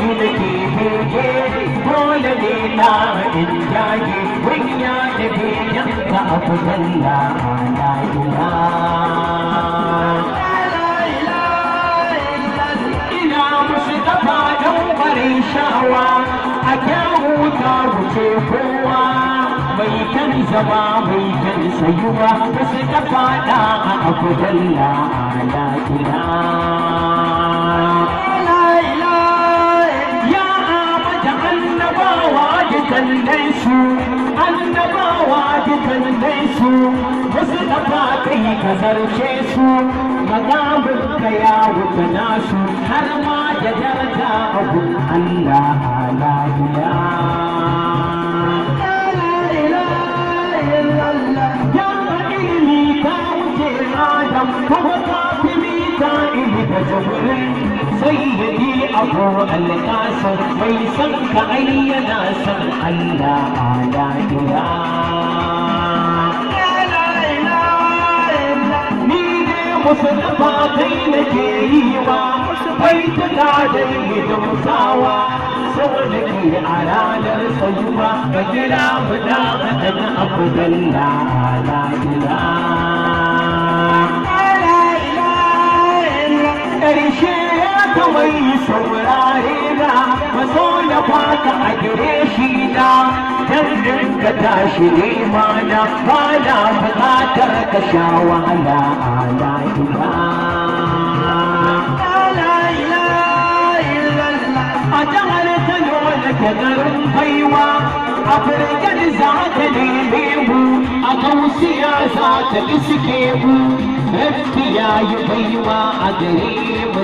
mahilaki bege dole ne na in jage wanya da begen ka abu a ala ila ina mushi kafa don barin shawa a kyawu ta wuce kowa mai kan zama mai kan sayuwa ta suka fada a abu a ala ila dukkanin su annabawa dukkanin su wasu dafa kai ka zarce su magamun ka ya wuce nasu har ma da daraja abu Allah lafiya جبري سيدي أبو القاسم ويسم كأي ناسم ألا على Musulma kai nake yi wa, bai tuka da yi dumsawa, sau da ke a ranar sayuwa, ga gida fita a ɗan abu don kawai saurare na maso na baka a gire shi na dan ka tashi ma na bana bukatar ka sha wahala a lahira a jihar Kano da ke garin baiwa a firgar za ta neme mu a kausiya za ta iske mu rabbi ya baiwa a gare mu